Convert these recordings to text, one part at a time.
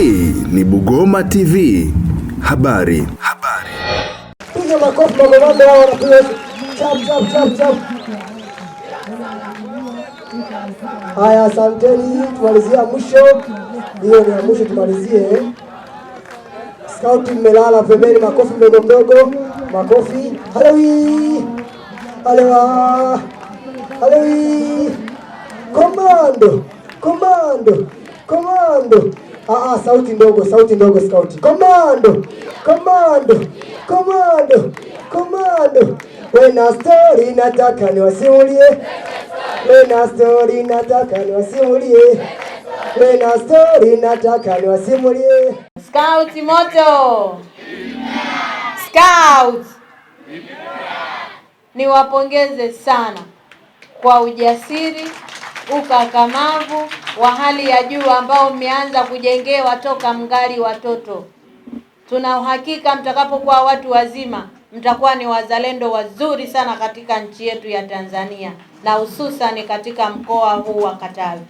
Hii ni Bugoma TV. Habari. Habari. Piga makofi Bugoma hao wanapiga. Chap chap chap chap. Haya, asanteni, tumalizia mwisho. Hiyo ni mwisho tumalizie. Scout mmelala pembeni, makofi mdogo mdogo. Makofi. Halewi. Halewa. Halewi. Komando. Komando. Komando. Ah, ah, sauti ndogo, sauti ndogo skauti. Komando, komando, komando, komando. Wena story nataka niwasimulie. We na story nataka niwasimulie. We na story nataka niwasimulie. Scout moto. Scout. Niwapongeze sana kwa ujasiri ukakamavu wa hali ya juu ambao mmeanza kujengewa toka mgali watoto. Tuna uhakika mtakapokuwa watu wazima mtakuwa ni wazalendo wazuri sana katika nchi yetu ya Tanzania na hususan katika mkoa huu wa Katavi.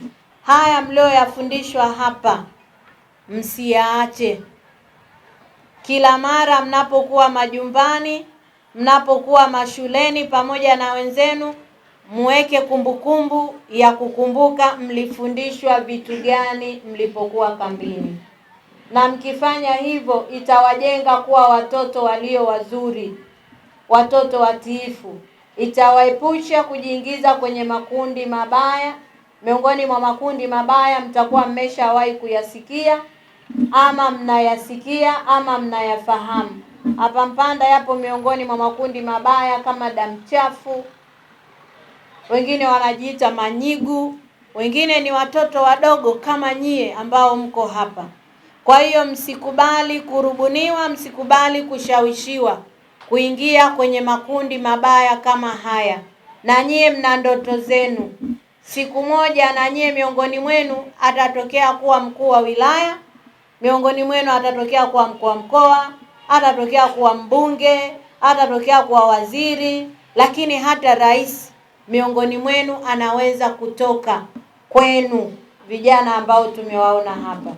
Haya mlioyafundishwa hapa msiyaache. Kila mara mnapokuwa majumbani, mnapokuwa mashuleni pamoja na wenzenu muweke kumbukumbu ya kukumbuka mlifundishwa vitu gani mlipokuwa kambini, na mkifanya hivyo itawajenga kuwa watoto walio wazuri, watoto watiifu, itawaepusha kujiingiza kwenye makundi mabaya. Miongoni mwa makundi mabaya mtakuwa mmeshawahi kuyasikia ama mnayasikia ama mnayafahamu. Hapa Mpanda yapo miongoni mwa makundi mabaya kama damu chafu wengine wanajiita manyigu, wengine ni watoto wadogo kama nyie ambao mko hapa. Kwa hiyo msikubali kurubuniwa, msikubali kushawishiwa kuingia kwenye makundi mabaya kama haya, na nyie mna ndoto zenu. Siku moja na nyie miongoni mwenu atatokea kuwa mkuu wa wilaya, miongoni mwenu atatokea kuwa mkuu wa mkoa, atatokea kuwa mbunge, atatokea kuwa waziri, lakini hata rais miongoni mwenu anaweza kutoka kwenu, vijana ambao tumewaona hapa.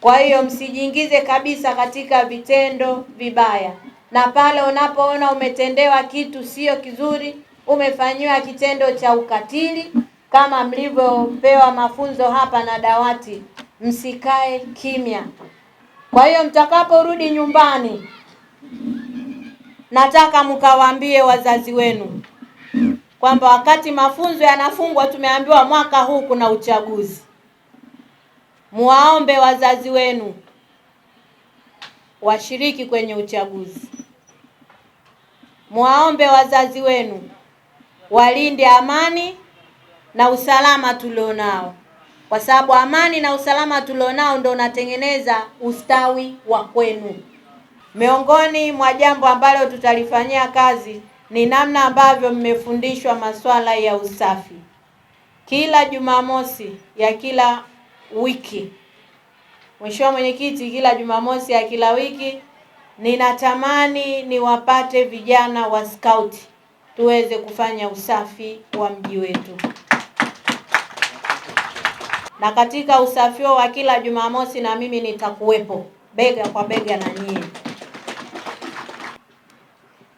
Kwa hiyo msijiingize kabisa katika vitendo vibaya, na pale unapoona umetendewa kitu sio kizuri, umefanyiwa kitendo cha ukatili, kama mlivyopewa mafunzo hapa na dawati, msikae kimya. Kwa hiyo mtakaporudi nyumbani, nataka mkawaambie wazazi wenu kwamba wakati mafunzo yanafungwa, tumeambiwa mwaka huu kuna uchaguzi. Muwaombe wazazi wenu washiriki kwenye uchaguzi, muwaombe wazazi wenu walinde amani na usalama tulionao, kwa sababu amani na usalama tulionao ndio unatengeneza ustawi wa kwenu. Miongoni mwa jambo ambalo tutalifanyia kazi ni namna ambavyo mmefundishwa masuala ya usafi. Kila Jumamosi ya kila wiki, Mheshimiwa Mwenyekiti, kila Jumamosi ya kila wiki ninatamani niwapate vijana wa scout tuweze kufanya usafi wa mji wetu, na katika usafi wa kila Jumamosi na mimi nitakuwepo bega kwa bega na nyie.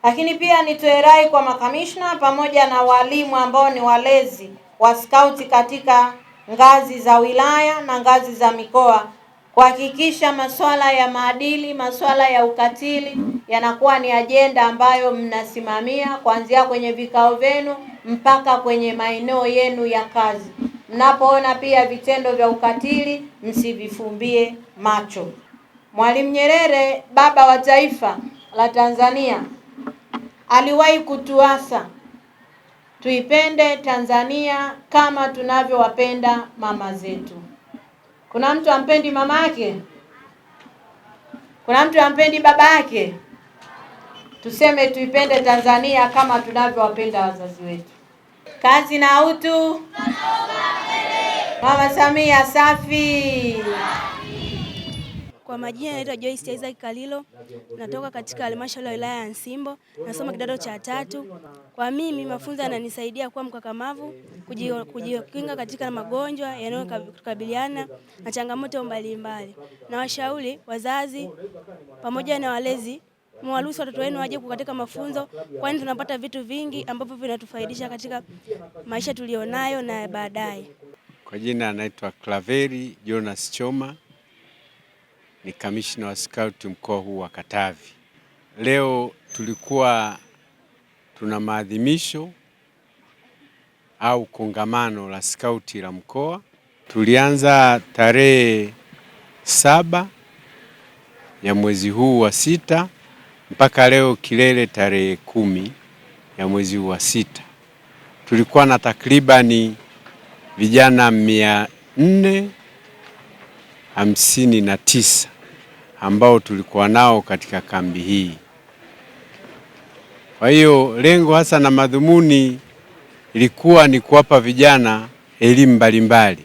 Lakini pia nitoe rai kwa makamishna pamoja na walimu ambao ni walezi wa skauti katika ngazi za wilaya na ngazi za mikoa kuhakikisha masuala ya maadili, masuala ya ukatili yanakuwa ni ajenda ambayo mnasimamia kuanzia kwenye vikao vyenu mpaka kwenye maeneo yenu ya kazi. Mnapoona pia vitendo vya ukatili, msivifumbie macho. Mwalimu Nyerere, baba wa taifa la Tanzania, aliwahi kutuasa tuipende Tanzania kama tunavyowapenda mama zetu. Kuna mtu ampendi mama yake? Kuna mtu ampendi baba yake? Tuseme tuipende Tanzania kama tunavyowapenda wazazi wetu. Kazi na utu. Mama Samia safi. Kwa majina naitwa Joyce Isaac Kalilo, natoka katika halmashauri ya wilaya ya Nsimbo, nasoma kidato cha tatu. Kwa mimi mafunzo yananisaidia kuwa mkakamavu, kujikinga katika magonjwa yanayokabiliana na changamoto mbalimbali, na washauri wazazi pamoja na walezi mwaruhusu watoto wenu waje katika mafunzo, kwani tunapata vitu vingi ambavyo vinatufaidisha katika maisha tulionayo na baadaye. Kwa jina anaitwa Klaveri Jonas Choma ni kamishna wa scout mkoa huu wa Katavi. Leo tulikuwa tuna maadhimisho au kongamano la skauti la mkoa. Tulianza tarehe saba ya mwezi huu wa sita mpaka leo kilele tarehe kumi ya mwezi huu wa sita. Tulikuwa na takribani vijana mia nne hamsini na tisa ambao tulikuwa nao katika kambi hii. Kwa hiyo lengo hasa na madhumuni ilikuwa ni kuwapa vijana elimu mbalimbali,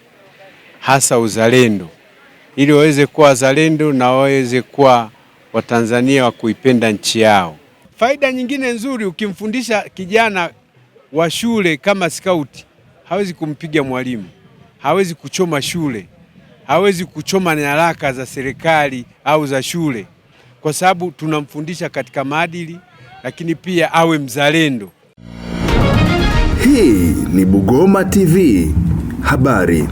hasa uzalendo, ili waweze kuwa wazalendo na waweze kuwa Watanzania wa kuipenda nchi yao. Faida nyingine nzuri, ukimfundisha kijana wa shule kama skauti, hawezi kumpiga mwalimu, hawezi kuchoma shule hawezi kuchoma nyaraka za serikali au za shule, kwa sababu tunamfundisha katika maadili, lakini pia awe mzalendo. Hii ni Bugoma TV habari.